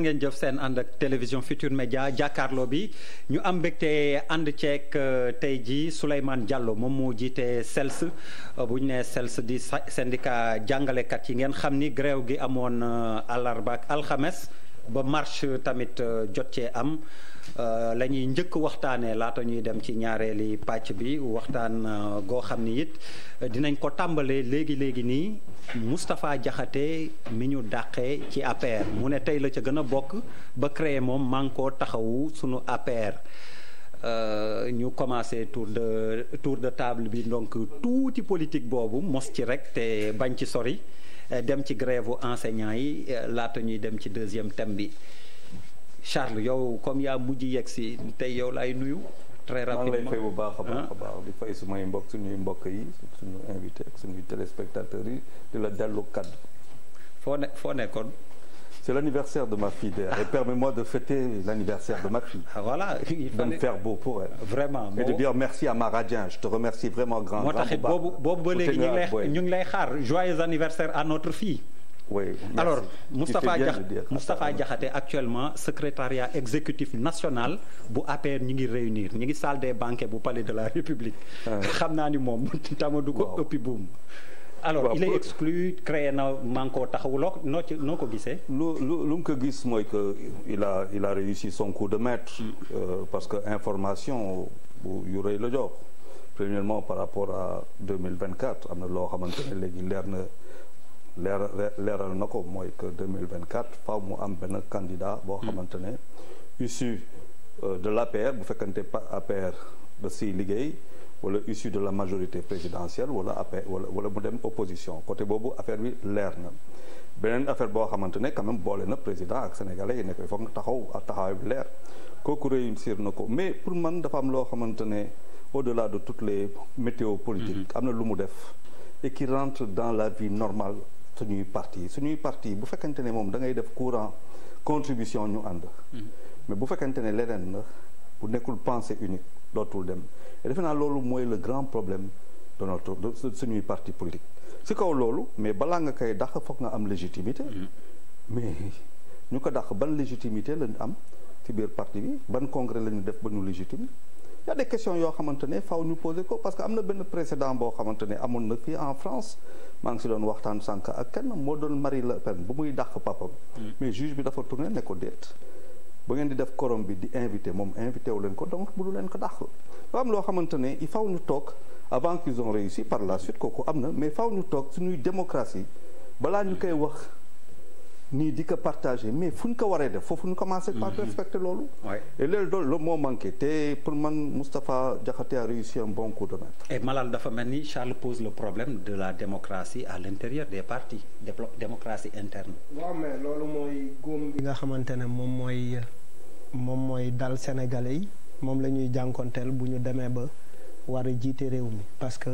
ngeen jëf seen ànd ak télévision Futur Média jàkkaarloo bi ñu am mbégte ànd ceek euh, tey jii Souleymane Diallo moom moo jiite SELS euh, bu ñu nee SELS di syndicat jàngalekat yi ngeen xam ni grève gi amoon euh, àllarba alxames ba marche tamit euh, jot cee am euh, la ñuy njëkk waxtaanee laata ñuy dem ci ñaareeli pàcc bi waxtaan euh, goo xam ni it dinañ ko tàmbalee léegi léegi nii Moustapha Diakhaté mi ñu dàqee ci APR mu ne tey la ca gën a bokk ba créé moom man koo taxawu suñu APR. Euh, ñu commencé tour de tour de table bi donc tuuti politique boobu mos ci rek te bañ ci sori euh, dem ci grève enseignants yi euh, laata ñuy dem ci deuxième thème bi Charles yow comme yaa mujj yegg si tey yow laay nuyu. très rapidement lay fay bu baax a baax a baax ah. di fay sumay mbokk suñuy mbokk yi suñu invité ak suñuy téléspectateurs yi di la dellu kaddu. foo nekkoon. C'est l'anniversaire de ma fille Et permets-moi de fêter l'anniversaire de ma fille. Ah, voilà. Il fallait... de me faire beau pour elle. Vraiment. Et de dire merci à Maradien. Je te remercie vraiment grand. Joyeux anniversaire à notre fille. Oui, Alors, Moustapha, Diakh... Moustapha Diakhaté, actuellement secrétariat exécutif national bu APR ñu ngi réunir ñu ngi salle des banquets bu palais de la République. Ah. xam naa ni moom tama du ko ëppi buum. alors il est exclu na maa ngi koo noo ci noo ko gisee. lu lu ko gis mooy que il a il a réussi son coup de maître. Euh, parce que information bu yu rëy la jox premièrement par rapport à 2024 am na loo xamante ne léegi leer na leer leeral na ko mooy que 2024 faaw mu am benn candidat boo hmm. xamante ne issu euh, de l'APR bu fekkante pas APR da si liggéey. wala issu de la majorité présidentielle wala après wala wala mu dem opposition côté boobu affaire bi leer na beneen affaire boo xamante ne quand même boole na président ak sénégalais yi ne ko foog taxaw taxawaay bu leer kooku réussir na ko mais pour man dafa am loo xamante ne au-delà de toutes les météo politiques mhm. am na lu mu def et qui rentre dans la vie normale suñuy parti suñuy partie bu fekkente ne moom da ngay def courant contribution ñu ànd mhm. mais bu ne leneen la bu nekkul pensée unique dootul dem et defe naa loolu mooy le grand problème de notre de suñuy parti politique ci kaw loolu mais balaa nga koy dàq foog nga am légitimité mm-hmm. mais ñu ko dàq ban légitimité lañu am ci biir parti bi ban congrès la ñu def ba ñu légitime y a yoo xamante ne faaw ñu posé ko parce que am na benn précédent boo xamante ne amoon na fii en France maa ngi si doon waxtaan sànq ak kenn moo doon Marie la Pen bu muy dàq papam mm-hmm. mais juge bi dafa tourné ne ko déet ba ngeen di def korom bi di invité moom invité wu leen ko donc mënu leen ko dàq dafa am loo xamante ne il faut ñu toog avant qu'ils ont réussi par la suite kooku am na mais faw ñu toog suñuy démocratie balaa ñu koy wax nii di ko partager mais fu ñu ko waree def foofu ñu commencé par mhm. respecter loolu loolu doon loolu moo manqué te pour man Moustapha Diakhaté a réussi un bon coup de maître et dafa mel ni Charles pose le problème de la démocratie à l'intérieur des partis démocratie interne waaw mais loolu mooy góom nga xamante ne moom mooy moom mooy dal Sénégalais yi moom la ñuy jànkonteel bu ñu demee ba war a jiite réew mi parce que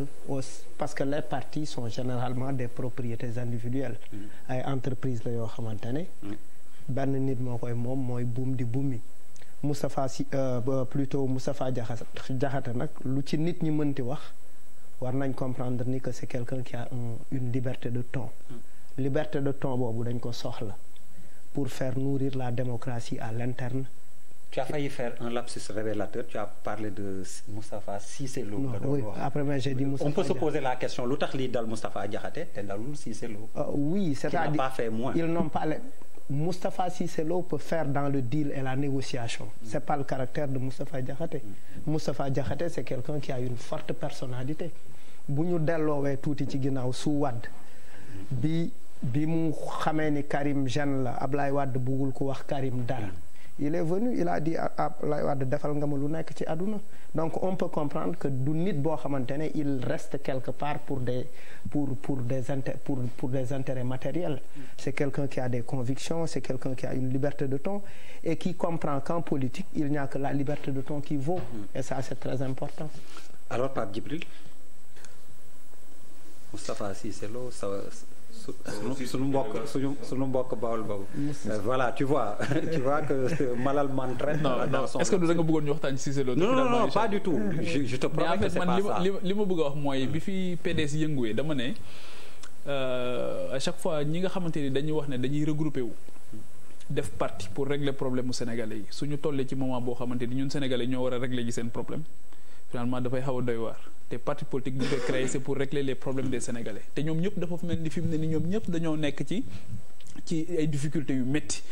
parce que les partis sont généralement des propriétés individuelles mm. ay entreprise la yoo xamante ne mm. benn nit moo koy moom mooy buum di bumi Moustapha si euh, plutôt Moustapha Diakhaté nag lu ci nit ñi mënti wax war nañ comprendre ni que c'est quelqu'un qui a une liberté de ton mm. liberté de ton boobu dañ ko soxla pour fair nourrir la démocratie à l'interne tu as failli faire un lapsus révélateur tu as parlé de Moustapha Cissé Lo. non oui après mais j'ai la question lu tax lii dal Moustapha Diakhaté te dalul Cissé Lo. Ah, oui c'est-à-dire qui n'a pas fait moins. ils faire dans le deal et la négociation. Mm. c'est pas le caractère de Moustapha Diakhaté. Mm. Moustapha Diakhaté c'est quelqu'un qui a une forte personnalité. bu ñu delloowee tuuti ci ginnaaw su Wade bi bi mu xamee ni Karim jeune la Ablaye Wade buggul ko wax Karim dara. il est venu il a dit defal nga ma lu nekk ci àdduna donc on peut comprendre que du nit boo xamante ne il reste quelque part pour des pour pour des inter pour pour des intérêts matériels c'est quelqu'un qui a des convictions c'est quelqu'un qui a une liberté de ton et qui comprend qu'en politique il n'y a que la liberté de ton qui vaut et ça c'est très important alors Pape Djibril su suñu mbokk suñu suñu mbokk bawol boobu. Euh, voilà tu vois tu vois que Malal m'entraîne. non non est-ce que da nga bëggoon ñu waxtaan ci Cissé Lo. non non non pas du tout. je je te promets que c'est pas ça mais en fait man li ma bëgg a wax mooy bi fi PDS yënguwee dama ne euh, à chaque fois ñi nga xamante ni dañuy wax ne dañuy regroupé wu. def parti pour régler problème mu sénégalais yi suñu tollee ci moment boo xamante ni ñun sénégalais ñoo war a régler ji seen problème. finalement dafay xaw a doy waar te parti politique bi ñu koy créé c'est pour régler les problèmes des sénégalais te ñoom ñëpp dafa mel ni fi mu ne ni ñoom ñëpp dañoo nekk ci ci ay difficultés yu métti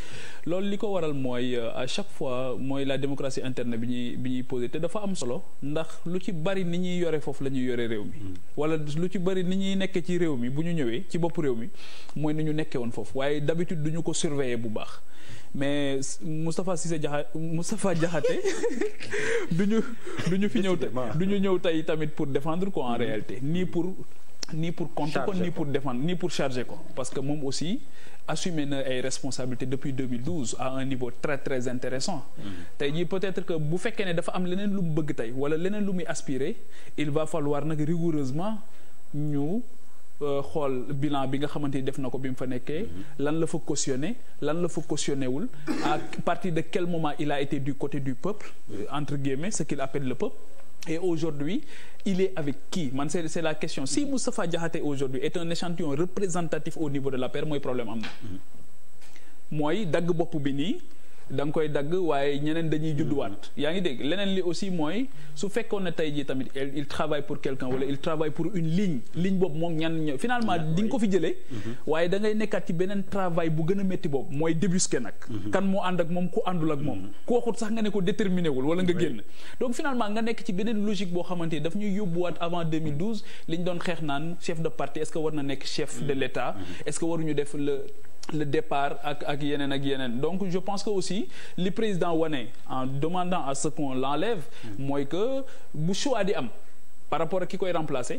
loolu li ko waral mooy euh, à chaque fois mooy la démocratie interne bi ñuy bi ñuy posé te dafa am solo ndax lu ci bari ni ñuy yore foofu la ñuy yore réew mi. Mm. wala lu ci bari ni ñuy nekkee ci réew mi bu ñu ñëwee ci bopp réew mi mooy ni ñu nekkee woon foofu waaye d'habitude du ñu ko surveiller bu baax. mais Moustapha Cissé Diakhaté Moustapha Diakhaté du ñu du ñu fi ñëw du ñu ñëw tey tamit pour défendre ko en mm-hmm. réalité ni pour ni pour contre ko ni pour défendre ni pour charger ko parce que moom aussi assumé na ay responsabilités depuis 2012 à un niveau très très intéressant mm-hmm. tey jii peut-être que bu fekkee ne dafa am leneen lu mu bëgg tey wala leneen lu muy aspirer il va falloir nag rigoureusement ñu Euh, xool bilan bi nga xamante ni def na ko bi mu fa nekkee mhm. lan la fa cautionné lan la fa cautionné wul à partir de quel moment il a été du côté du peuple euh, entre guillemets ce qu'il appelle le peuple et aujourd'hui il est avec qui man c'est c'est la question si mhm. Moustapha Diakhaté aujourd'hui est un échantillon représentatif au niveau de l'APR mooy problème am na mhm. mooy dagg bopp bi nii danga koy dagg waaye ñeneen dañuy judduwaat yaa ngi dégg leneen li aussi mooy su fekkoon ne tey jii tamit il travaille pour quelqu'un wala il travaille pour une ligne ligne boobu moom ñan finalement di nga ko fi jëlee mhm. waaye da ngay nekkaat beneen travail bu gën a métti boobu mooy débusqué nag mhm. kan moo ànd ak moom ku àndul ak moom mhm. ku waxut sax nga ne ko déterminé wul wala nga génn donc finalement nga nekk ci beneen logique boo xamante ni daf ñuy yóbbuwaat avant 2012 li ñu doon xeex naan chef de parti est que war na nekk chef de l'État est-ce que waruñu def le le départ ak ak yeneen ak yeneen donc je pense que aussi li président wane en demandant à ce qu'on l'enlève mooy que bu choix di am par rapport ak ki koy remplacer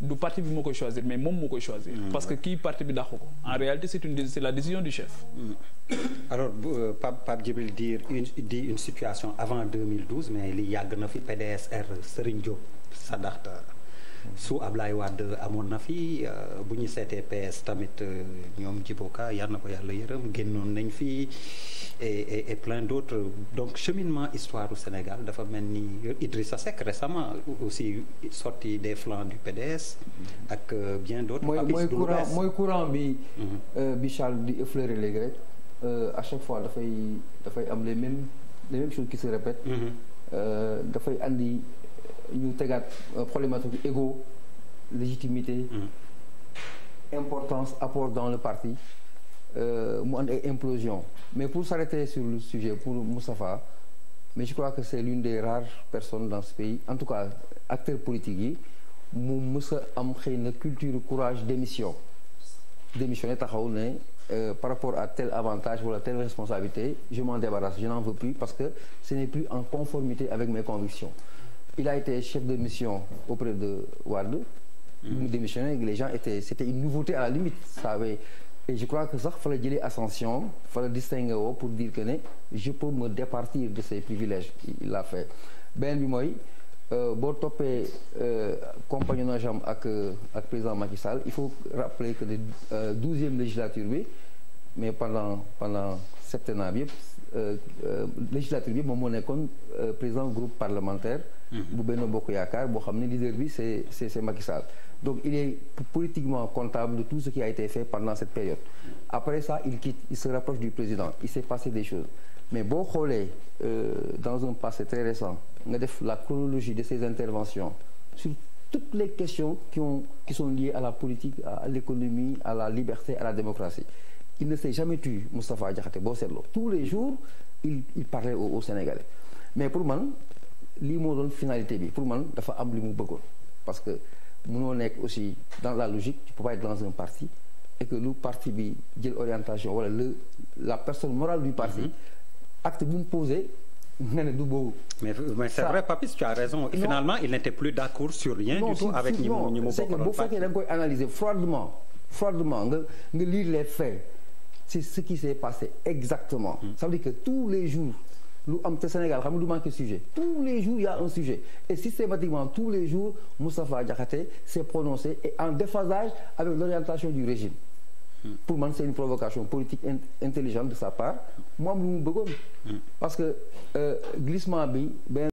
du parti bi moo koy choisir mais mom moo koy choisir mm. parce que kii parti bi dàqu ko en réalité c'est une c'est la décision du chef mm. alors euh, Pape Pape Djibril dire une dit une situation avant 2012 mais li yàgg na fi PDSR Serigne Diop Sadaxta su Ablaye Wade amoon na fi euh, bu ñu seetee PS tamit euh, ñoom Djiboka yar na ko yàlla yërëm génnoon nañ fi e et plein d'autres donc cheminement histoire Sénégal dafa mel ni Idrissa Seck récemment aussi sorti des flancs du PDS ak euh, bien d'autres. mooy mooy courant mooy courant bi. Mm-hmm. bi Charles di effleurer léegi rek à chaque fois dafay dafay am les mêmes les mêmes choses qui se répètent. Mm-hmm. dafay andi. ñu tegaat euh, problématique égo légitimité mm-hmm. importance apport dans le parti euh, mu ànd ay implosion mais pour s'arrêter sur le sujet pour Moustapha mais je crois que c'est l'une des rares personnes dans ce pays en tout cas acteurs politiques yi mu mës a am xëy na culture courage démission démissionné taxaw ne euh, par rapport à tel avantage wala telle responsabilité je m'en débarrasse je n'en veux plus parce que ce n'est plus en conformité avec mes convictions il a été chef de mission auprès de Wade. Mm-hmm. mu démissionné les gens étaient c'était une nouveauté à la limite ça et je crois que sax fa la jëlee ascension fa la distingué pour dire que ne je peux me départir de ces privilèges il l'a fait beneen bi mooy euh, boo toppee euh, compagnonnage am ak euh, ak président Macky Sall il faut rappeler que le douzième législature bi mais pendant pendant septennat bi yëpp Euh, euh, législature bi moom moo nekkoon euh, président groupe parlementaire. Mm-hmm. bu Benno Bokk Yaakaar boo xam ne leader bi c'est c'est c'est Macky Sall donc il est politiquement comptable de tout ce qui a été fait pendant cette période après ça il se rapproche du président il s'est passé des choses mais boo xoolee dans un passé très récent nga def la chronologie de ses interventions sur toutes les questions qui ont qui sont liées à la politique à l'économie à la liberté à la démocratie il ne s'est jamais tu Moustapha Diakhaté boo seetloo tous les jours il il parlait au au Sénégalais mais pour man lii moo doon finalité bi pour man dafa am li mu bëggoon parce que mënoo nekk aussi dans la logique tu peux pas être dans un parti et que lu parti bi jël orientation wala le la personne morale du parti mm-hmm. acte bu mu posé nga ne du boobu. mais mais c'est vrai Papis tu as raison. Et finalement non. il n'était plus d'accord sur rien du tout. avec ñi mu ñi mu bokk nga froidement nga nga les c'est ce qui s'est passé exactement. Mm. ça veut dire que tous les jours lu Sénégal xam nga du sujet tous les jours il y a un sujet et systématiquement tous les jours Moustapha Diakhaté s'est prononcé et en déphasage avec l'orientation du régime. Mm. pour man c'est une provocation politique intelligente de sa part mu am lu mu bëggoon. Mm. parce que euh, glissement bi